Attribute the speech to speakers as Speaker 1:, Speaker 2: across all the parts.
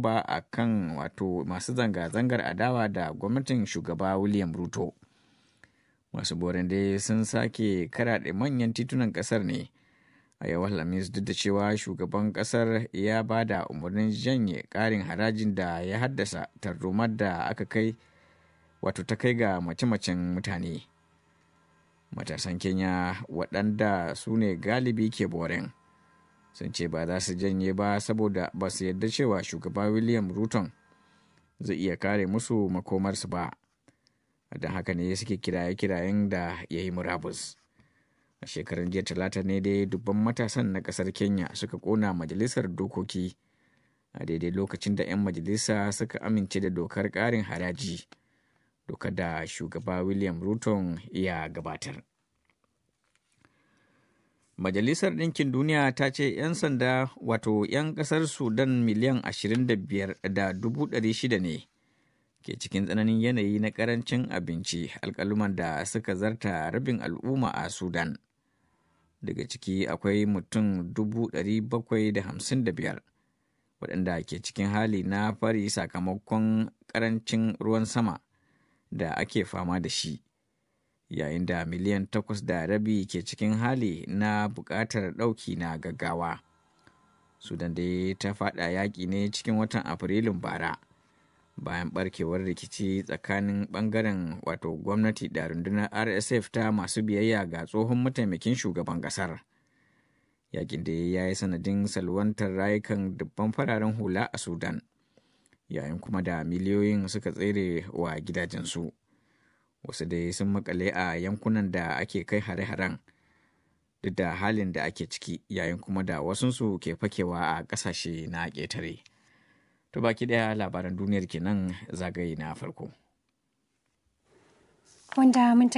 Speaker 1: ba a kan wato masu zanga-zangar adawa da gwamnatin shugaba william ruto masu borin dai sun sake karaɗe manyan titunan ƙasar ne a yau alhamis duk da cewa shugaban ƙasar ya ba da umarnin janye ƙarin harajin da ya haddasa tarzomar da aka kai wato ta kai ga mace-macen mutane matasan kenya waɗanda su ne galibi ke boren sun ce ba za su janye ba saboda ba su yarda cewa shugaba william ruton zai iya kare musu makomarsu ba don haka ne suke kiraye-kirayen da ya yi murabus a shekarun jiya talata ne dai dubban matasan na kasar kenya suka kona majalisar dokoki a daidai lokacin da 'yan majalisa suka amince da dokar karin haraji doka da shugaba william ruton ya gabatar Majalisar Ɗinkin Duniya ta ce 'yan sanda wato 'yan ƙasar Sudan miliyan 25 da dubu shida ne ke cikin tsananin yanayi na ƙarancin abinci alƙaluman da suka zarta rabin al'umma a Sudan. Daga ciki akwai mutum dubu da hamsin waɗanda ke cikin hali na fari sakamakon ƙarancin ruwan sama da ake fama da shi. yayin da miliyan takwas da rabi ke cikin hali na buƙatar ɗauki na gaggawa sudan dai ta faɗa yaƙi ne cikin watan afrilun bara bayan ɓarkewar rikici tsakanin ɓangaren wato gwamnati da rundunar rsf ta masu biyayya ga tsohon mataimakin shugaban ƙasar yaƙin da ya yi sanadin salwantar rayukan dubban fararen hula a sudan yayin kuma da miliyoyin suka tsere wa gidajensu. wasu dai sun makale a yankunan da ake kai hare-haren duk da halin da ake ciki yayin kuma da wasunsu ke fakewa a ƙasashe na ƙetare to baki ɗaya labaran duniyar kenan zagaye na farko
Speaker 2: wanda mun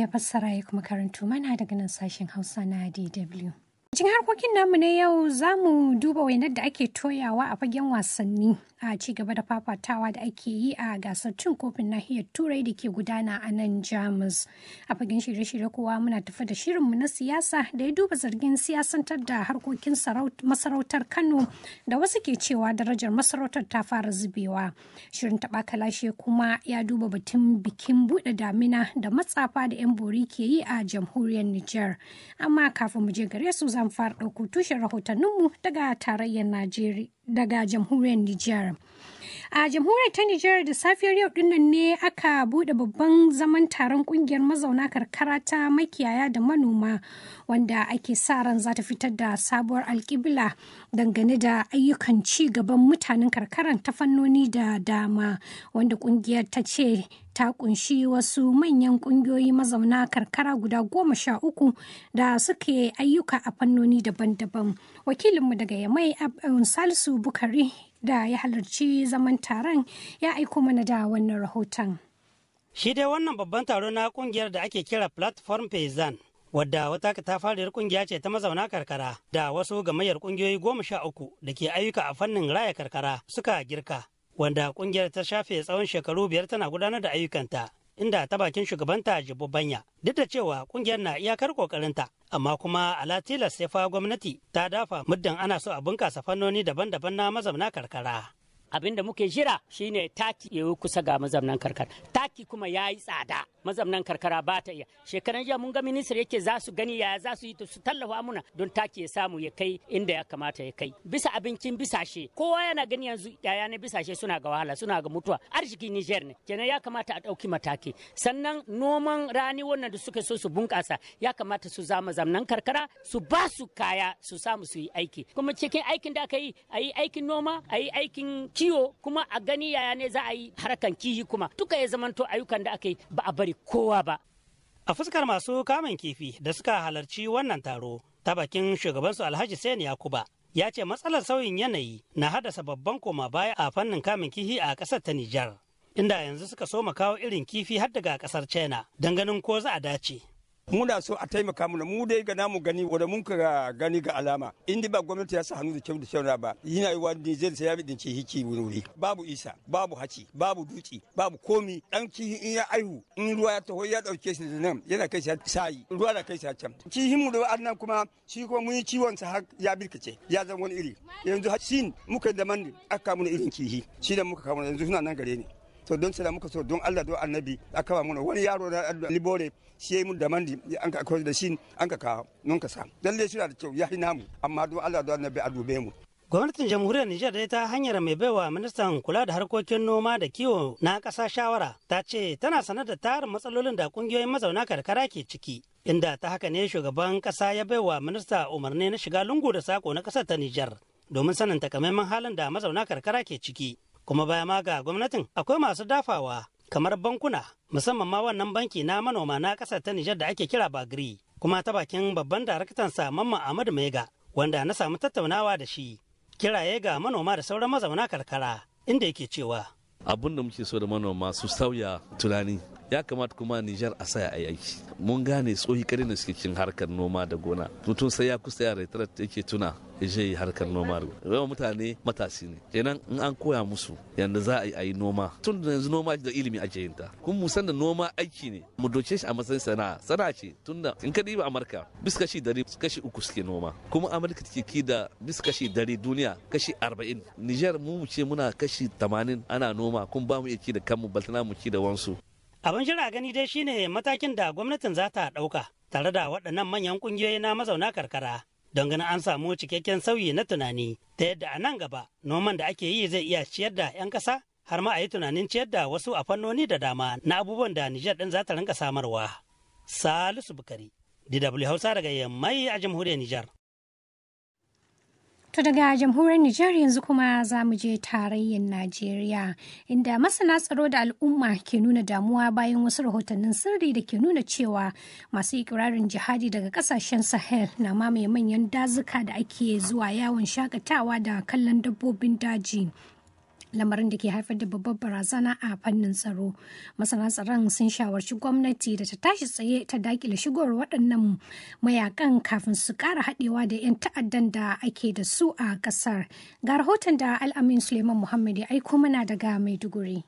Speaker 2: ya fassara ya kuma karantu mana daga nan sashen hausa na dw cikin harkokin namu na yau za mu duba wainar da ake toyawa a fagen wasanni a ci gaba da fafatawa da ake yi a gasar cin kofin nahiyar turai da ke gudana a nan jamus a fagen shirye-shirye kowa muna tafi da shirinmu na siyasa da ya duba zargin siyasantar da harkokin masarautar kano da wasu ke cewa darajar masarautar ta fara zubewa shirin taɓa kalashe kuma ya duba batun bikin buɗe damina da matsafa da 'yan bori ke yi a jamhuriyar niger amma kafin mu je gare su za zan fara ɗauko tushen rahotanninmu daga tarayyar Najeriya daga jamhuriyar Nijar. A jamhuriyar ta Nijar da safiyar yau dinnan ne aka bude babban zaman taron kungiyar mazauna karkara ta makiyaya da manoma wanda ake sa ran za ta fitar da sabuwar alkibla dangane da ayyukan ci gaban mutanen karkaran ta fannoni da dama wanda kungiyar ta ce ta kunshi wasu manyan kungiyoyi mazauna karkara guda goma sha uku da suke ayyuka a fannoni daban-daban wakilinmu daga yamai salisu bukari da ya halarci zaman taron ya aiko mana da wannan rahoton.
Speaker 3: Shi dai wannan babban taro na kungiyar da ake kira Platform pezan wadda wata ta katafariyar kungiya ce ta mazauna karkara da wasu gamayyar kungiyoyi goma sha uku da ke ayyuka a fannin raya karkara suka girka wanda kungiyar ta shafe tsawon shekaru biyar tana gudanar da ayyukanta inda ta bakin shugabanta Jibo Banya. Duk da cewa kungiyar na iyakar kokarinta, amma kuma ala tilas fa gwamnati ta dafa muddin ana so a bunkasa fannoni daban-daban na mazauna karkara. abin da muke jira shine taki ya kusa ga mazamnan karkara taki kuma ya yi tsada mazamnan karkara ba ta iya shekaran jiya mun ga ministar yake za su gani yaya za su yi su tallafa muna don taki ya samu ya kai inda ya kamata ya kai bisa abincin bisashe kowa yana gani yanzu yaya na bisashe suna ga wahala suna ga mutuwa arziki Niger ne kenan ya kamata a ɗauki mataki sannan noman rani wannan da suke so su bunƙasa ya kamata su zama zamnan karkara su ba su kaya su samu su yi aiki kuma cikin aikin da aka yi a aikin noma ayi aikin kiwo kuma a gani yaya ne za a yi harkan kihi kuma duka ya zamanto ayyukan da aka yi ba a bari kowa ba. A fuskar masu kamun kifi da suka halarci wannan taro ta bakin shugabansu Alhaji Sani Yakuba ya ce matsalar sauyin yanayi na haddasa babban koma baya a fannin kamun kifi a kasar ta Nijar. Inda yanzu suka so kawo irin kifi har daga kasar China don ganin ko za a dace. muna so a taimaka mana mu dai ga namu gani wanda mun ka gani ga alama in ba gwamnati ya sa hannu da kyau da na ba yana yi wani zai sai ya dince hiki wuri babu isa babu haci babu dutse babu komi dan kihin in ya aihu in ruwa ya taho ya dauke shi da nan yana kai shi sai ruwa na kai shi can kihin mu da annan kuma shi kuma mun yi ciwon sa har ya birkace ya zama wani iri yanzu har muka da man aka mun irin kihi shi da muka kawo yanzu suna nan gare ni to don sai muka so don Allah don annabi a kawo mana wani yaro da libore shi yayi mun da mandi an ka da shi an ka kawo nun ka sa lalle shi da kyau ya hina mu amma don Allah don annabi a dube mu Gwamnatin Jamhuriyar Nijar da ta hanyar mai baiwa ministan kula da harkokin noma da kiwo na ƙasa shawara ta ce tana sanar da tarin matsalolin da ƙungiyoyin mazauna karkara ke ciki inda ta haka ne shugaban ƙasa ya baiwa minista umarni na shiga lungu da sako na ƙasar ta Nijar domin sanin takamaiman halin da mazauna karkara ke ciki. kuma baya ma ga gwamnatin akwai masu dafawa kamar bankuna musamman ma wannan banki na manoma na kasar ta Nijar da ake kira Bagri kuma ta bakin babban daraktan sa Mamman Ahmadu Mega wanda na samu tattaunawa da shi kiraye ga manoma da sauran mazauna karkara inda yake cewa
Speaker 4: abun da muke so da manoma su sauya tunani ya kamata kuma Nijar a saya a aiki mun gane tsohi kare ne suke cikin harkar noma da gona mutum sai ya kusa ya retret yake tuna je yi harkar noma yawan mutane matasi ne kenan in an koya musu yadda za a yi noma tun da yanzu noma da ilimi ake yin ta kun mu da noma aiki ne mu doke shi a matsayin sana'a sana'a ce tun da in ka diba amurka bis kashi dari kashi uku suke noma kuma amurka take ki da bis kashi dari duniya kashi arba'in nijar mu ce muna kashi tamanin ana noma kun ba mu iya ki da kanmu baltana mu ki da wansu
Speaker 3: Abin shira gani dai shine matakin da gwamnatin za ta ɗauka tare da waɗannan manyan ƙungiyoyi na mazauna karkara don ganin an samu cikakken sauyi na tunani ta yadda a nan gaba noman da ake yi zai iya ciyar da 'yan ƙasa har ma a yi tunanin ciyar da wasu a fannoni da dama na abubuwan da Nijar din za ta rinka samarwa. Salisu Bukari, DW Hausa daga Yammai a jamhuriyar Nijar.
Speaker 2: To daga jamhuriyar Nijar yanzu kuma za mu je tarayyar Najeriya inda masana tsaro da al'umma ke nuna damuwa bayan wasu rahotannin sirri da ke nuna cewa masu ikirarin jihadi daga kasashen Sahel na mamaye manyan dazuka da ake zuwa yawon shakatawa da kallon dabbobin daji lamarin da ke haifar da babbar barazana a fannin tsaro masana tsaron sun shawarci gwamnati da ta tashi tsaye ta dakile shigowar waɗannan mayakan kafin su ƙara haɗewa da 'yan ta'addan da ake da su a ƙasar ga rahoton da al'amin suleiman muhammad ya aiko mana daga maiduguri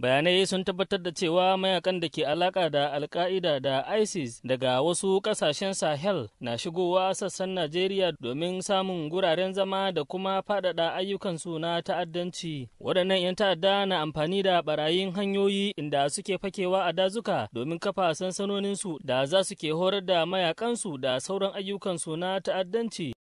Speaker 4: bayanai sun tabbatar da cewa mayakan da ke alaka da alka'ida da isis daga wasu kasashen sahel na shigowa sassan najeriya domin samun guraren zama da kuma faɗaɗa ayyukansu na ta'addanci waɗannan 'yan ta'adda na amfani da barayin hanyoyi inda suke fakewa a dazuka domin kafa sansanoninsu da za su ke horar da mayakansu da sauran ayyukansu na ta'addanci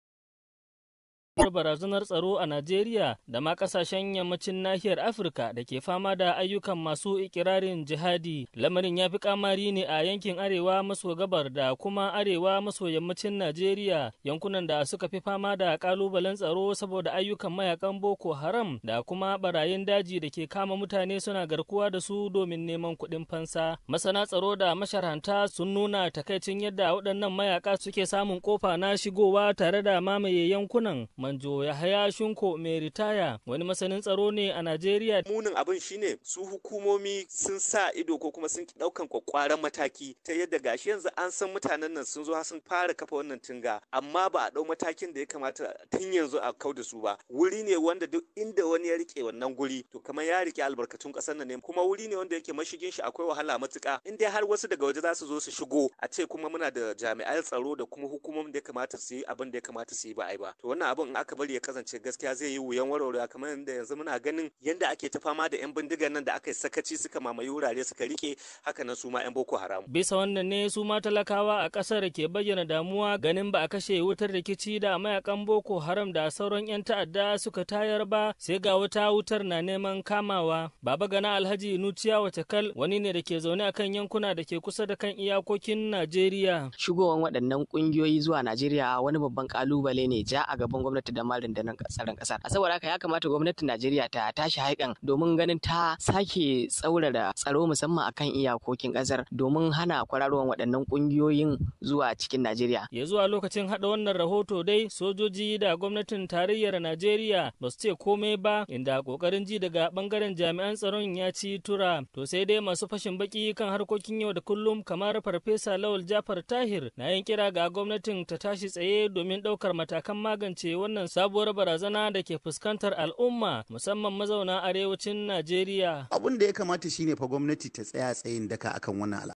Speaker 4: barazanar tsaro a Najeriya da ma kasashen yammacin nahiyar Afirka da ke fama da ayyukan masu ikirarin jihadi. Lamarin ya fi kamari ne a yankin arewa maso gabar da kuma arewa maso yammacin Najeriya yankunan da suka fi fama da kalubalen tsaro saboda ayyukan mayakan Boko Haram da kuma barayin daji da ke kama mutane suna garkuwa da su domin neman kuɗin fansa. Masana tsaro da masharanta sun nuna takaicin yadda waɗannan mayaka suke samun kofa na shigowa tare da mamaye yankunan Manjo ya haya shinko mai ritaya wani masanin tsaro ne a Najeriya. Munin abin shine su hukumomi sun sa ido ko kuma sun daukan kwakwaran mataki ta yadda gashi yanzu an san mutanen nan sun zo sun fara kafa wannan tunga amma ba a dau matakin da ya kamata tun yanzu a kau da su ba. Wuri ne wanda duk inda wani ya rike wannan guri to kamar ya rike albarkatun kasar nan ne kuma wuri ne wanda yake mashigin shi akwai wahala matuka inda har wasu daga waje za su zo su shigo a ce kuma muna da jami'an tsaro da kuma hukumomin da ya kamata su yi abin da ya kamata su yi ba ai ba to wannan abin in aka bari ya kasance gaskiya zai yi wuyan warware kamar yadda yanzu muna ganin yadda ake ta fama da yan bindigar nan da aka sakaci suka mamaye wurare suka rike haka nan su yan boko haram bisa wannan ne su ma talakawa a kasar ke bayyana damuwa ganin ba a kashe wutar rikici da mayakan boko haram da sauran yan ta'adda suka tayar ba sai ga wata wutar na neman kamawa baba gana alhaji nuciya kal wani ne da ke zaune a kan yankuna da ke kusa da kan iyakokin najeriya shigowan waɗannan ƙungiyoyi zuwa najeriya wani babban ƙalubale ne ja a gaban gwamnati gwamnati da da nan tsaron a saboda haka ya kamata gwamnatin Najeriya ta tashi haikan domin ganin ta sake tsaurara tsaro musamman akan iyakokin kasar domin hana kwararowar waɗannan kungiyoyin zuwa cikin Najeriya ya zuwa lokacin haɗa wannan rahoto dai sojoji da gwamnatin tarayyar Najeriya ba su ce komai ba inda kokarin ji daga bangaren jami'an tsaron ya ci tura to sai dai masu fashin baki kan harkokin yau da kullum kamar farfesa Lawal Jafar Tahir na yin kira ga gwamnatin ta tashi tsaye domin ɗaukar matakan magance wani. wannan sabuwar barazana da ke fuskantar al'umma musamman mazauna arewacin Najeriya.
Speaker 3: Abin da ya kamata shine fa gwamnati ta tsaya tsayin daka akan wannan